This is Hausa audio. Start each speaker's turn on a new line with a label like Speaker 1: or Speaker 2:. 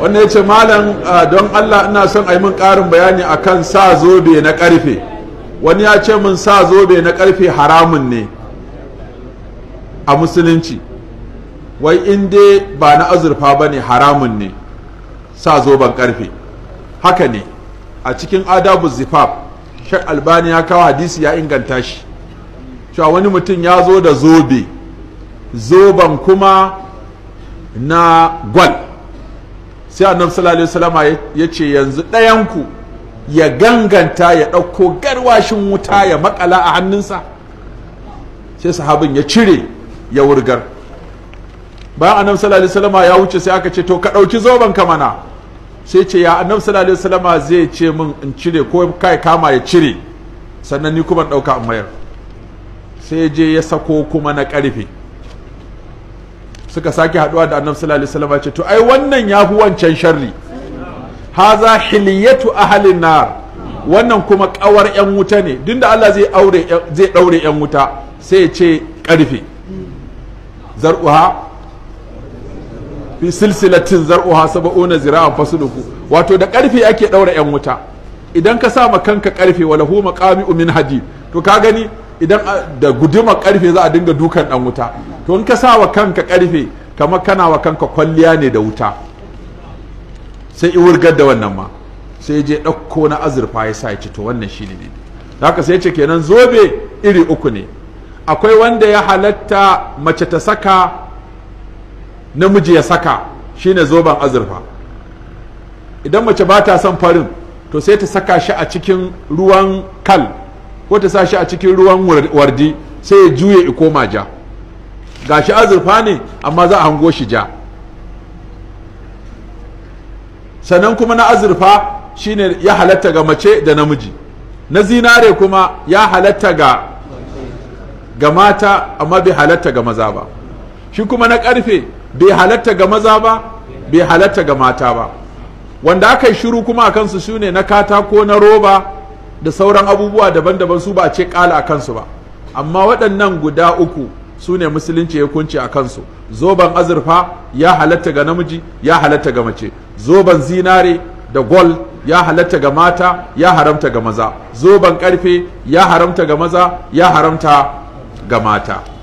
Speaker 1: wannan ya ce malam don allah ina son a yi min ƙarin bayani akan sa zobe na ƙarfe wani ya ce min sa zobe na ƙarfe haramun ne a musulunci wai in dai ba na azurfa ba ne haramun ne sa zoben ƙarfe haka ne a cikin adabu zifaf shek albani ya kawo hadisi ya inganta shi cewa wani mutum ya zo da zobe zoben kuma na gwal sai annabi sallallahu alaihi wasallam ya ce yanzu ɗayanku ya ganganta ya ɗauko garwashin wuta ya makala a hannunsa sai sahabin ya cire ya wurgar bayan annabi sallallahu alaihi wasallam ya wuce sai aka ce to ka ɗauki zoben ka mana sai ce ya annabi sallallahu alaihi wasallam zai ce min in cire ko kai kama ya cire sannan ni kuma ɗauka in mayar sai je ya sako kuma na ƙarfe suka sake haduwa da annabi sallallahu alaihi wasallam ce to ai wannan ya fi wancan sharri haza hiliyatu ahlin nar wannan kuma kawar yan wuta ne dinda Allah zai aure zai daure yan wuta sai ya ce karfe zar'uha fi silsilatin zar'uha sab'una zira'an fasuluku wato da karfe ake daura yan wuta idan ka sa kanka karfe wala hu maqami min hadid to ka gani idan da guduma karfe za a dinga dukan dan wuta to in ka sa wa kanka karfe kamar kana wa kanka kwalliya ne da wuta sai i wurgar da wannan ma sai je ɗauko na azurfa ya sa ya ci to wannan shi ne haka sai ce kenan zobe iri uku ne akwai wanda ya halatta mace ta saka namiji ya saka shine zoben azurfa idan mace ba ta son farin to sai ta saka shi a cikin ruwan kal ko ta sa shi a cikin ruwan wardi sai ya juye ikoma ja Ga shi azurfa ne amma za a hango shi ja sannan kuma na azurfa shine ya halatta ga mace da namiji na zinare kuma ya halatta ga ga mata amma bai halatta ga maza ba shi kuma na karfe bai halatta ga maza ba bai halatta ga mata ba wanda aka yi shiru kuma a kansu su ne na katako na roba da sauran abubuwa daban-daban su ba a ce kala a kansu ba amma waɗannan guda uku su ne musulunci ya kunci a kansu zoben azurfa ya halatta ga namiji ya halatta ga mace zoben zinare da gwal ya halatta ga mata ya haramta ga maza zoben karfe ya haramta ga maza ya haramta ga mata